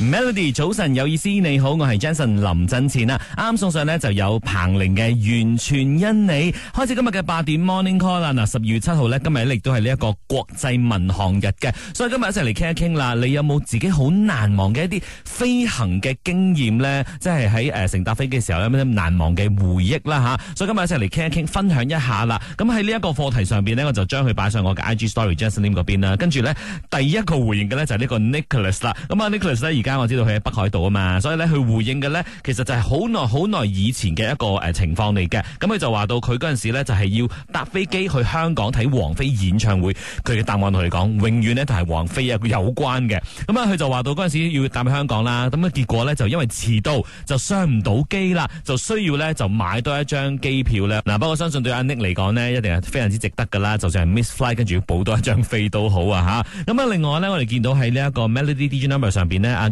Melody，早晨有意思，你好，我係 Jason 林振前啊！啱送上呢就有彭羚嘅《完全因你》。開始今日嘅八點 Morning Call 啦！嗱，十二月七號呢，今日亦都係呢一個國際民航日嘅，所以今日一齊嚟傾一傾啦！你有冇自己好難忘嘅一啲飛行嘅經驗呢？即係喺誒乘搭飛機嘅時候有啲難忘嘅回憶啦吓！所以今日一齊嚟傾一傾，分享一下啦！咁喺呢一個課題上邊呢，我就將佢擺上我嘅 IG Story Jason Lim 嗰邊啦。跟住呢，第一個回應嘅呢就係呢個 Nicholas 啦。咁啊 Nicholas 咧而家。我知道佢喺北海道啊嘛，所以咧佢回應嘅咧，其實就係好耐好耐以前嘅一個誒情況嚟嘅。咁佢就話到佢陣時咧，就係要搭飛機去香港睇王菲演唱會，佢嘅答案同佢講永遠咧都係王菲啊有關嘅。咁啊，佢就話到陣時要搭香港啦。咁啊，結果咧就因為遲到就上唔到機啦，就需要咧就買多一張機票咧。嗱、啊，不過相信對阿 Nick 嚟講咧，一定係非常之值得㗎啦。就算係 miss flight 跟住要補多一張飛都好啊吓，咁啊，另外咧，我哋見到喺呢一個 Melody DJ Number 上邊咧，阿。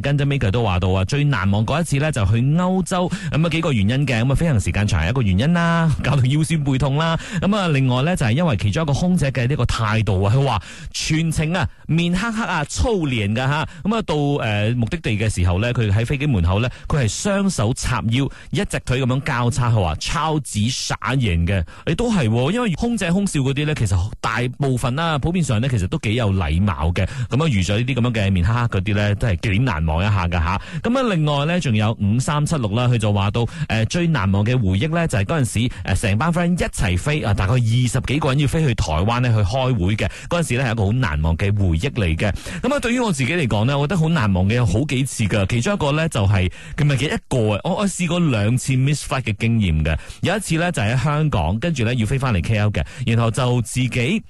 都話到啊，最難忘嗰一次咧就去歐洲，咁、嗯、啊幾個原因嘅，咁啊飛行時間長係一個原因啦，搞到腰酸背痛啦，咁、嗯、啊另外咧就係、是、因為其中一個空姐嘅呢個態度啊，佢話全程啊面黑黑啊粗連嘅吓，咁啊、嗯、到誒、呃、目的地嘅時候咧，佢喺飛機門口咧，佢係雙手插腰，一隻腿咁樣交叉，佢話抄紙耍型嘅，你、嗯、都係、哦，因為空姐空少嗰啲咧，其實大部分啦、啊，普遍上咧其實都幾有禮貌嘅，咁、嗯、啊遇咗呢啲咁樣嘅面黑黑嗰啲咧，都係幾難忘。一下嘅吓，咁啊，另外咧仲有五三七六啦，佢就話到誒最難忘嘅回憶咧，就係嗰陣時誒成班 friend 一齊飛啊、呃，大概二十幾個人要飛去台灣咧去開會嘅，嗰陣時咧係一個好難忘嘅回憶嚟嘅。咁、嗯、啊，對於我自己嚟講呢，我覺得好難忘嘅有好幾次噶，其中一個咧就係佢咪係嘅一個啊，我我試過兩次 miss flight 嘅經驗嘅，有一次咧就喺、是、香港，跟住咧要飛翻嚟 K L 嘅，然後就自己。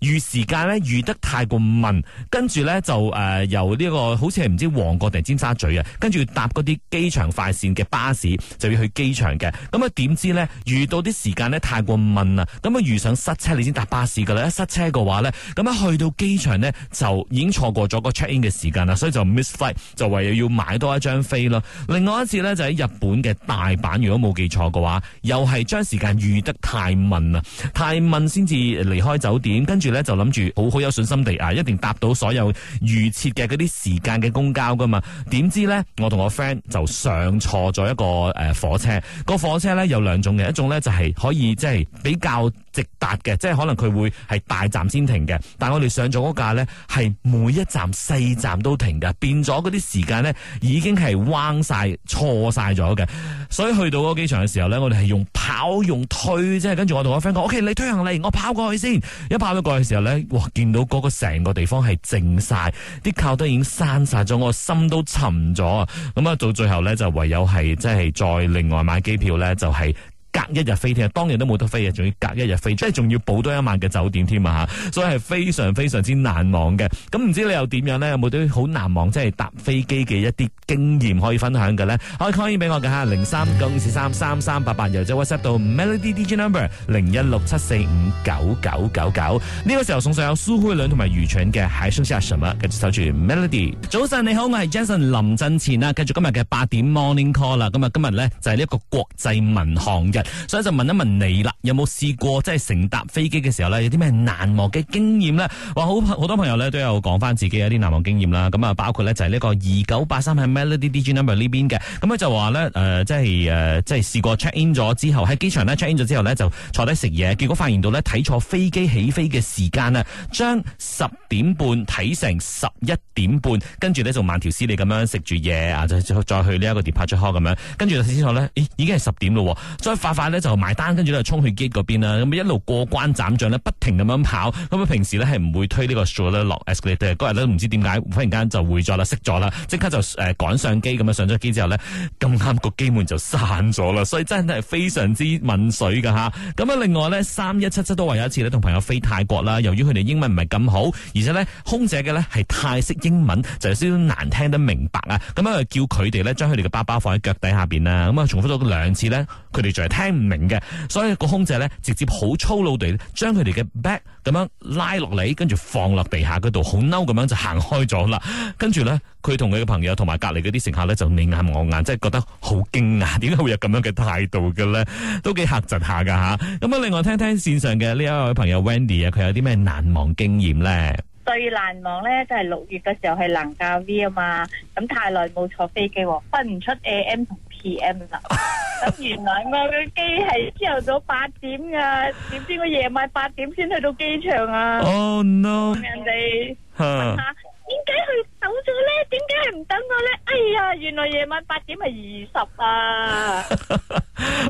預時間咧預得太過密，跟住咧就誒、呃、由呢、這個好似係唔知旺角定尖沙咀啊，跟住搭啲機場快線嘅巴士就要去機場嘅。咁啊點知咧遇到啲時間咧太過密啊，咁啊遇上塞車你先搭巴士㗎啦。一塞車嘅話咧，咁啊去到機場咧就已經錯過咗個 check in 嘅時間啦，所以就 miss flight 就唯有要買多一張飛咯。另外一次咧就喺日本嘅大阪，如果冇記錯嘅話又係將時間預得太密啊，太密先至離開酒店，跟住。就諗住好好有信心地啊，一定搭到所有預設嘅嗰啲時間嘅公交噶嘛？點知咧，我同我 friend 就上錯咗一個誒、呃、火車，個火車咧有兩種嘅，一種咧就係、是、可以即係、就是、比較。直達嘅，即係可能佢會係大站先停嘅，但係我哋上咗嗰架咧，係每一站四站都停㗎，變咗嗰啲時間咧已經係彎晒錯晒咗嘅，所以去到嗰個機場嘅時候咧，我哋係用跑用推即係，跟住我同我 friend 講，OK 你推行嚟，我跑過去先，一跑咗過去嘅時候咧，哇見到嗰個成個地方係靜晒，啲靠燈已經閂晒咗，我心都沉咗啊，咁啊到最後咧就唯有係即係再另外買機票咧就係、是。隔一日飛添啊，當然都冇得飛啊，仲要隔一日飛，即係仲要補多一晚嘅酒店添啊嚇，所以係非常非常之難忘嘅。咁唔知你又點樣咧？有冇啲好難忘即係搭飛機嘅一啲經驗可以分享嘅咧？可以可以 comment 俾我嘅嚇，零三九五四三三三八八，8, 由我 WhatsApp 到 Melody 嘅 number 零一六七四五九九九九。呢、這個時候送上有蘇慧倫同埋愚蠢嘅《還剩下什麼》，繼續守住 Melody。早晨你好，我係 Jason 林振前啦。繼續今日嘅八點 morning call 啦。咁啊，今日咧就係呢一個國際民航所以就問一問你啦，有冇試過即係乘搭飛機嘅時候呢？有啲咩難忘嘅經驗呢？話好好多朋友呢，都有講翻自己有啲難忘經驗啦。咁啊，包括呢就係呢個二九八三係 melody D 呢邊嘅。咁咧就話呢，誒、呃，即係誒、呃，即係試過 check in 咗之後，喺機場咧 check in 咗之後呢，就坐低食嘢，結果發現到咧睇錯飛機起飛嘅時間呢，將十點半睇成十一點半，跟住呢，就慢條斯理咁樣食住嘢啊，就再去呢一個 departure hall 咁樣，跟住睇清楚咧，咦已經係十點咯，再快咧就埋單，跟住咧衝去機嗰邊啦。咁一路過關斬將咧，不停咁樣跑。咁啊平時咧係唔會推呢個 show 落 escalator。嗰日咧都唔知點解忽然間就會咗啦，熄咗啦，即刻就誒趕上機。咁啊上咗機之後呢，咁啱個機門就閂咗啦。所以真係非常之敏水噶吓。咁啊另外呢，三一七七都話有一次咧同朋友飛泰國啦。由於佢哋英文唔係咁好，而且呢空姐嘅呢係泰式英文，就有少少難聽得明白啊。咁啊叫佢哋呢將佢哋嘅包包放喺腳底下邊啦。咁啊重複咗兩次呢，佢哋就嚟聽唔明嘅，所以個空姐咧，直接好粗魯地將佢哋嘅 bag 咁樣拉落嚟，跟住放落地下嗰度，好嬲咁樣就行開咗啦。跟住咧，佢同佢嘅朋友同埋隔籬嗰啲乘客咧就你眼我眼，即係覺得好驚訝，點解會有咁樣嘅態度嘅咧？都幾吓窒下噶吓。咁啊，另外聽聽線上嘅呢一位朋友 Wendy 啊，佢有啲咩難忘經驗咧？最難忘咧就係、是、六月嘅時候係能教 V 啊嘛，咁太耐冇坐飛機，分唔出 AM 同 PM 啦。 咁原來我嘅機係朝頭早八點噶，點知我夜晚八點先去到機場啊哦，Oh no！人哋問下點解佢走咗咧？點解係唔等我咧？哎呀，原來夜晚八點係二十啊！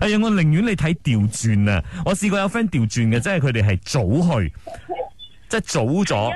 哎呀，我寧願你睇調轉啊！我試過有 friend 調轉嘅，即係佢哋係早去，即係早咗，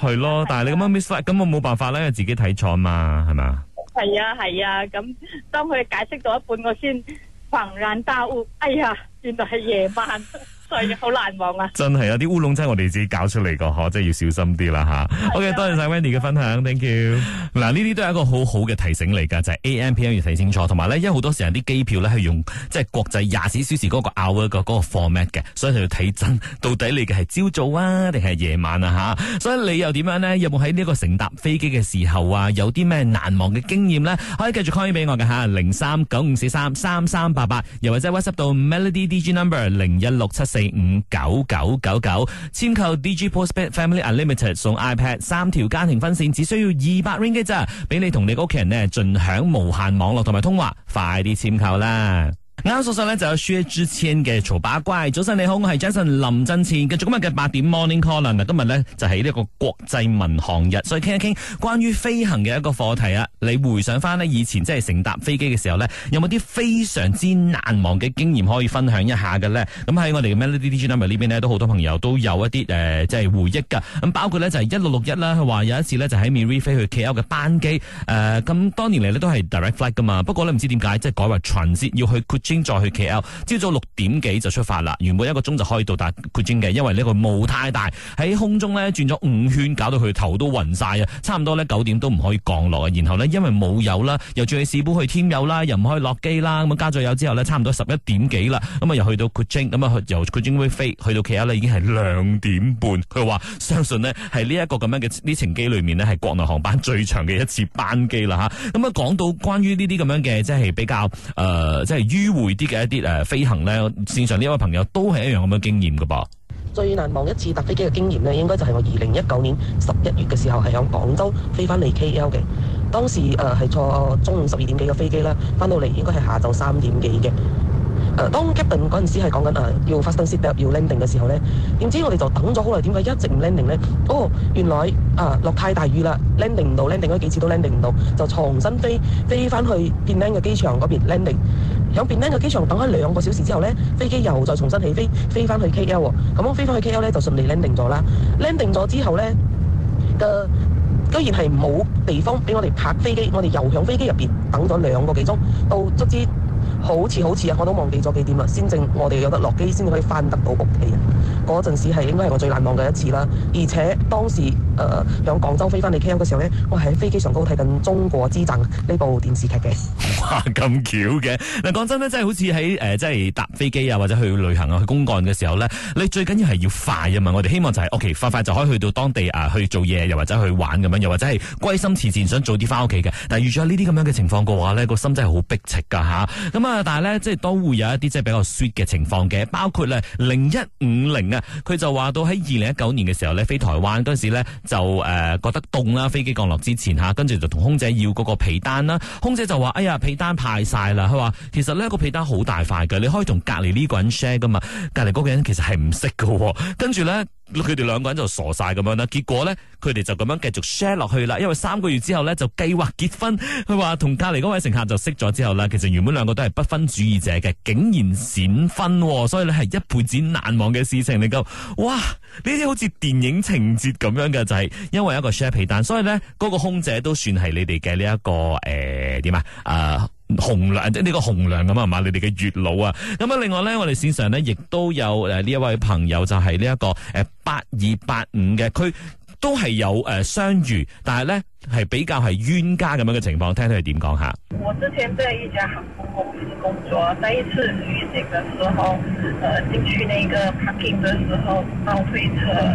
係咯。但係你咁樣 miss flight，咁我冇辦法咧，自己睇錯嘛，係咪？係啊係啊，咁當佢解釋咗一半，我先，恍然大悟，哎呀，原來係野蠻。所以好難忘啊，真係有啲烏龍真係我哋自己搞出嚟噶，嗬，真係要小心啲啦吓。OK，多謝晒 Wendy 嘅分享，Thank you。嗱，呢啲都係一個好好嘅提醒嚟噶，就係 AMPM 要睇清楚，同埋咧，因為好多時候啲機票咧係用即係國際廿四小時嗰個 hour 嗰個 format 嘅，所以佢要睇真到底你嘅係朝早啊，定係夜晚啊吓。所以你又點樣呢？有冇喺呢個乘搭飛機嘅時候啊，有啲咩難忘嘅經驗呢？可以繼續 call 俾我噶吓，零三九五四三三三八八，又或者 WhatsApp 到 Melody D G Number 零一六七，四五九九九九，簽購 Digi Postpaid Family Unlimited 送 iPad 三條家庭分線，只需要二百 Ringgit 咋，俾你同你屋企人呢，盡享無限網絡同埋通話，快啲簽購啦！啱啱上晒咧就有薛之謙嘅曹把乖，早晨你好，我係 Jason 林振前。繼續今日嘅八點 Morning Call 啦，嗱今日咧就喺呢一個國際民航日，所以傾一傾關於飛行嘅一個課題啊。你回想翻呢以前即係乘搭飛機嘅時候呢，有冇啲非常之難忘嘅經驗可以分享一下嘅咧？咁喺我哋嘅 Melody D G Live 呢邊呢，都好多朋友都有一啲誒即係回憶噶。咁包括呢就係一六六一啦，佢話有一次呢就喺美里飛去 K L 嘅班機，誒咁多年嚟咧都係 Direct Flight 噶嘛，不過咧唔知點解即係改為 Transit 要去。先再去 KL，朝早六點幾就出發啦，原本一個鐘就可以到達 Kuching 嘅，因為呢個霧太大，喺空中咧轉咗五圈，搞到佢頭都暈晒啊！差唔多咧九點都唔可以降落，然後呢，因為冇油啦，又再去士保去添油啦，又唔可以落機啦，咁加咗油之後咧，差唔多十一點幾啦，咁啊又去到 Kuching，咁啊由 Kuching 飛去到 KL 已經係兩點半，佢話相信呢係呢一個咁樣嘅呢程機裏面呢係國內航班最長嘅一次班機啦吓。咁啊講到關於呢啲咁樣嘅即係比較誒、呃、即係回啲嘅一啲誒飛行呢，線上呢位朋友都係一樣咁樣經驗噶噃。最難忘一次搭飛機嘅經驗呢，應該就係我二零一九年十一月嘅時候，係響廣州飛返嚟 KL 嘅。當時誒係，呃，坐中午十二點幾嘅飛機啦，翻到嚟應該係下晝三點幾嘅。誒，當 captain 嗰陣時係講緊誒要 fasten seatbelt 要 landing 嘅時候咧，點知我哋就等咗好耐，點解一直唔 landing 咧？哦，原來啊，落太大雨啦，landing 唔到，landing 咗幾次都 landing 唔到，就重新飛飛翻去變靚嘅機場嗰邊 landing。響變靚嘅機場等咗兩個小時之後咧，飛機又再重新起飛飛翻去 KL 喎。咁飛翻去 KL 咧，就順利 landing 咗啦。landing 咗之後咧，嘅居然係冇地方俾我哋泊飛機，我哋又響飛機入邊等咗兩個幾鐘，到足之。好似好似啊！我都忘記咗幾點啦，先正我哋有得落機先可以翻得到屋企啊！嗰陣時係應該係我最難忘嘅一次啦，而且當時。誒喺、呃、廣州飛翻嚟 k 嘅時候呢，我係喺飛機上高睇緊《中國之鎮》呢部電視劇嘅。哇，咁巧嘅！嗱，講真呢，真係好似喺誒，即係搭飛機啊，或者去旅行啊，去公幹嘅時候呢，你最緊要係要快啊嘛！我哋希望就係 OK，快快就可以去到當地啊、呃、去做嘢，又或者去玩咁樣，又或者係歸心似箭，想早啲翻屋企嘅。但係遇咗呢啲咁樣嘅情況嘅話呢，個心真係好逼切㗎吓咁啊，但係呢，即係都會有一啲即係比較 short 嘅情況嘅，包括呢零一五零啊，佢就話到喺二零一九年嘅時候呢，飛台灣嗰陣時咧。就誒、呃、覺得凍啦，飛機降落之前嚇、啊，跟住就同空姐要嗰個被單啦，空姐就話：哎呀，被單派晒啦！佢話其實呢個被單好大塊嘅，你可以同隔離呢個人 share 噶嘛，隔離嗰個人其實係唔識嘅。跟住咧。佢哋兩個人就傻晒咁樣啦，結果呢，佢哋就咁樣繼續 share 落去啦，因為三個月之後呢，就計劃結婚，佢話同隔籬嗰位乘客就識咗之後呢，其實原本兩個都係不婚主義者嘅，竟然閃婚，哦，所以呢，係一輩子難忘嘅事情。你夠哇？呢啲好似電影情節咁樣嘅，就係、是、因為一個 share 皮蛋，所以呢，嗰、那個空姐都算係你哋嘅呢一個誒點啊啊！呃紅娘，即呢個紅娘咁啊嘛，你哋嘅月老啊。咁啊，另外咧，我哋線上咧亦都有誒，呢一位朋友就係呢一個誒八二八五嘅，佢都係有誒相遇，但係咧係比較係冤家咁樣嘅情況，聽聽佢點講下。我之前在一家航空公司工作，第一次旅行嘅時候，呃進去呢個 parking 嘅時候，倒推車。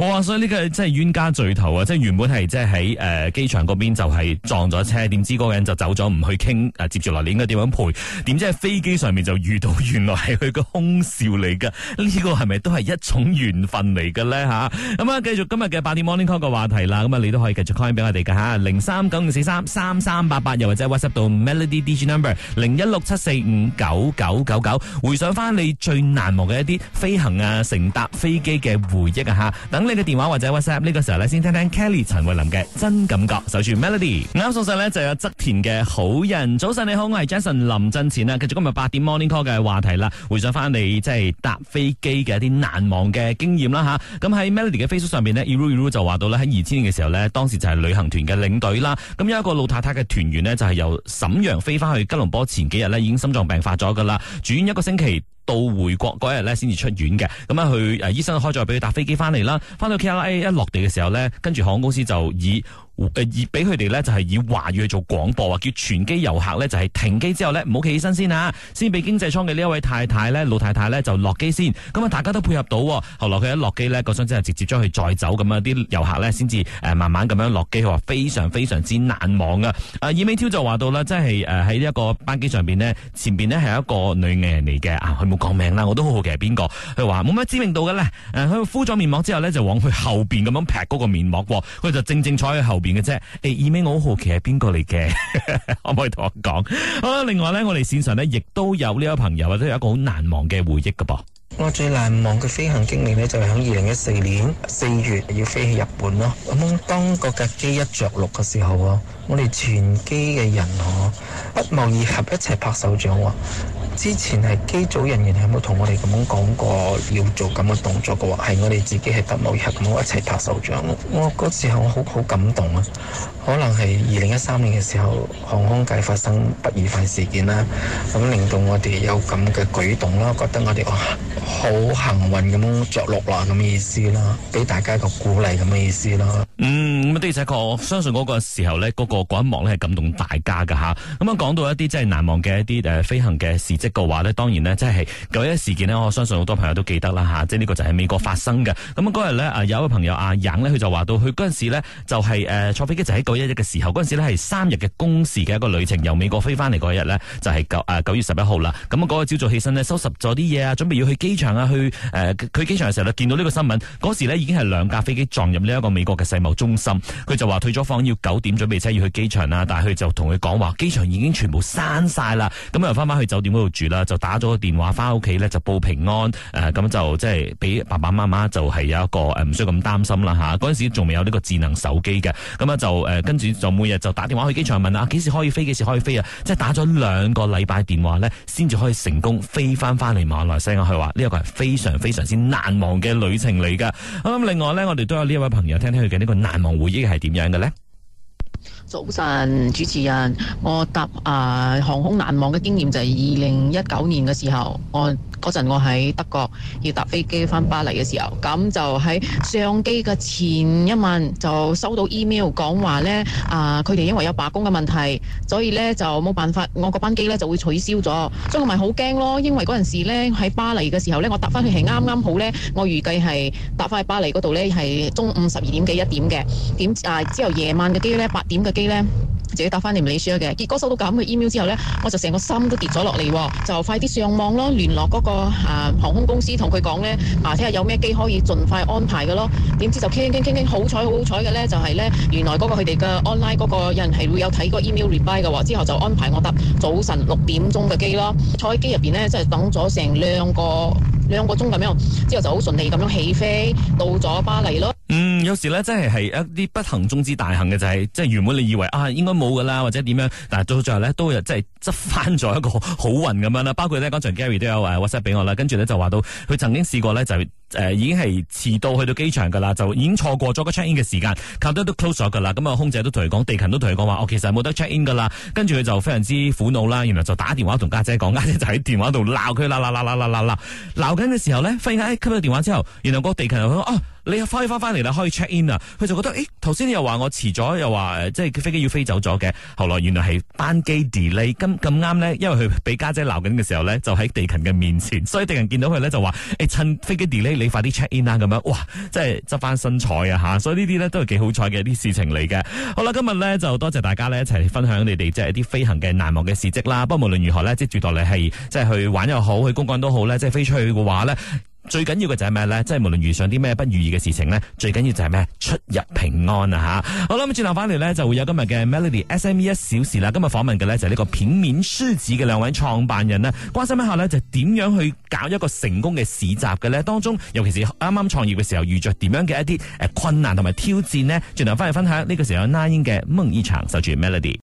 哇！所以呢個真係冤家聚頭啊！即係原本係即係喺誒機場邊就係撞咗車，點知個人就走咗，唔去傾啊，接住落嚟應該點樣賠？點知喺飛機上面就遇到，原來係佢個空少嚟噶？呢個係咪都係一種緣分嚟嘅咧？吓咁啊！繼續今日嘅八點 Morning Call 嘅話題啦，咁啊你都可以繼續 call 翻俾我哋噶吓，零三九五四三三三八八，88，又或者 WhatsApp 到 Melody DJ Number 零一六七四五九九九九，99 99，回想翻你最難忘嘅一啲飛行啊，乘搭飛機嘅回憶啊吓，等。你嘅電話或者 WhatsApp 呢個時候咧，先聽聽 Kelly 陳慧琳嘅真感覺，守住 Melody。啱送上呢就是、有側田嘅好人。早晨你好，我係 Jason 林振前啦。繼續今日八點 Morning Call 嘅話題啦，回想翻你即係搭飛機嘅一啲難忘嘅經驗啦吓。咁、啊、喺 Melody 嘅 Facebook 上面呢 Uru Uru 就話到咧喺二千年嘅時候呢，當時就係旅行團嘅領隊啦。咁有一個老太太嘅團員呢，就係、是、由沈陽飛翻去吉隆坡，前幾日呢已經心臟病發咗噶啦，住院一個星期。到回國嗰日咧，先至出院嘅咁啊，佢誒醫生開咗俾佢搭飛機翻嚟啦。翻到 KLA 一落地嘅時候咧，跟住航空公司就以。而以俾佢哋呢，就係以華語去做廣播啊！叫全機遊客呢就係停機之後呢，唔好企起身先吓，先俾經濟艙嘅呢一位太太呢，老太太呢，就落機先。咁啊，大家都配合到。後來佢一落機咧，個商真係直接將佢載走咁樣，啲遊客呢，先至誒慢慢咁樣落機。佢話非常非常之難忘噶。啊，葉美超就話到啦，即係誒喺呢一個班機上邊呢，前邊呢係一個女藝人嚟嘅啊，佢冇講名啦，我都好好奇係邊個。佢話冇乜知名度嘅呢，佢敷咗面膜之後呢，就往佢後邊咁樣劈嗰個面膜。佢就正正坐喺後邊。嘅啫，誒，意味我好好奇係邊個嚟嘅？ 可唔可以同我講？好啦，另外咧，我哋線上呢亦都有呢位朋友，或者有一個好難忘嘅回憶噶噃。我最難忘嘅飛行經歷呢，就係響二零一四年四月要飛去日本咯。咁當個架機一着陸嘅時候啊，我哋全機嘅人啊一望二合一齊拍手掌喎。之前係機組人員有冇同我哋咁樣講過要做咁嘅動作嘅話，係我哋自己係得某一刻咁樣，我一齊拍手掌。我嗰時候我好好感動啊！可能係二零一三年嘅時候，航空界發生不愉快事件啦，咁令到我哋有咁嘅舉動啦，覺得我哋哇好幸運咁樣着陸啦，咁嘅意思啦，俾大家一個鼓勵咁嘅意思啦。嗯，咁的確，我相信嗰個時候咧，嗰、嗰個一幕咧係感動大家噶吓。咁樣講到一啲真係難忘嘅一啲誒、呃、飛行嘅事迹嘅話咧，當然咧即係九一事件咧，我相信好多朋友都記得啦吓，即係呢個就係美國發生嘅。咁啊嗰日咧啊，有一位朋友阿楊咧，佢、啊、就話到佢嗰陣時咧就係誒坐飛機就喺九、嗰個嘅時候，嗰陣時咧係三日嘅公事嘅一個旅程，由美國飛翻嚟嗰日呢，就係九誒九月十一號啦。咁啊嗰個朝早起身呢，收拾咗啲嘢啊，準備要去機場啊。去誒、呃、去機場嘅時候咧，見到呢個新聞，嗰時呢已經係兩架飛機撞入呢一個美國嘅世貿中心。佢就話退咗房要九點準備車要去機場啊，但係佢就同佢講話，機場已經全部閂晒啦。咁又翻翻去酒店嗰度住啦，就打咗個電話翻屋企呢，就報平安誒，咁、呃、就即係俾爸爸媽媽就係有一個唔、呃、需要咁擔心啦吓。嗰、啊、陣時仲未有呢個智能手機嘅，咁啊就誒。呃呃跟住就每日就打電話去機場問啊，幾時可以飛？幾時可以飛啊？即係打咗兩個禮拜電話呢，先至可以成功飛翻翻嚟馬來西亞去。佢話呢一個係非常非常之難忘嘅旅程嚟噶。咁另外呢，我哋都有呢一位朋友聽聽佢嘅呢個難忘回憶係點樣嘅呢？早晨，主持人，我搭啊、呃、航空難忘嘅經驗就係二零一九年嘅時候我。嗰陣我喺德國要搭飛機返巴黎嘅時候，咁就喺上機嘅前一晚就收到 email 講話呢，啊佢哋因為有罷工嘅問題，所以呢就冇辦法，我個班機呢就會取消咗，所以我咪好驚咯，因為嗰陣時呢喺巴黎嘅時候呢，我搭翻去係啱啱好呢。我預計係搭翻去巴黎嗰度呢，係中午十二點幾一點嘅，點啊之後夜晚嘅機呢，八點嘅機呢。自己搭翻嚟唔理書嘅，結果收到咁嘅 email 之後呢，我就成個心都跌咗落嚟，就快啲上網咯，聯絡嗰個航空公司，同佢講呢：啊「話睇下有咩機可以盡快安排嘅咯。點知就傾傾傾傾，好彩好彩嘅呢，就係、是、呢原來嗰個佢哋嘅 online 嗰、那個人係會有睇個 email reply 嘅話，之後就安排我搭早晨六點鐘嘅機咯。坐喺機入邊呢，即係等咗成兩個兩個鐘咁樣，之後就好順利咁樣起飛，到咗巴黎咯。嗯，有時咧，真係係一啲不幸中之大幸嘅、就是，就係即係原本你以為啊，應該冇噶啦，或者點樣，但係到最後咧，都又即係執翻咗一個好運咁樣啦。包括咧剛才 Gary 都有、啊、WhatsApp 俾我啦，跟住咧就話到佢曾經試過咧，就誒、呃、已經係遲到去到機場噶啦，就已經錯過咗個 check in 嘅時間，cap 都都 close 咗噶啦。咁啊，空姐都同佢講，地勤都同佢講話，我、哦、其實冇得 check in 噶啦。跟住佢就非常之苦惱啦，然後就打電話同家姐講，家姐，姐就喺電話度鬧佢，鬧鬧鬧鬧鬧鬧鬧鬧緊嘅時候咧，忽然間誒，接、哎、咗電話之後，原來，原來個地勤佢話你可以翻翻嚟啦，可以 check in 啊！佢就覺得誒，頭先你又話我遲咗，又話即係飛機要飛走咗嘅。後來原來係班機 delay，咁咁啱呢，因為佢俾家姐鬧緊嘅時候呢，就喺地勤嘅面前，所以地勤見到佢呢，就話：誒，趁飛機 delay，你快啲 check in 啦！咁樣，哇，即係執翻身彩啊吓！所以呢啲呢，都係幾好彩嘅一啲事情嚟嘅。好啦，今日呢，就多謝大家呢，一齊分享你哋即係一啲飛行嘅難忘嘅事跡啦。不過無論如何呢，即係住台你係即係去玩又好，去公幹都好呢，即係飛出去嘅話呢。最緊要嘅就係咩咧？即係無論遇上啲咩不如意嘅事情呢，最緊要就係咩？出入平安啊！吓，好啦，咁轉頭翻嚟呢，就會有今日嘅 Melody S M E 一小時啦。今日訪問嘅呢，就係呢個片面書子嘅兩位創辦人咧，關心一下呢，就點樣去搞一個成功嘅市集嘅呢？當中尤其是啱啱創業嘅時候遇着點樣嘅一啲誒困難同埋挑戰呢？轉頭翻嚟分享呢，呢個時候有 Nine 嘅夢一場守住 Melody。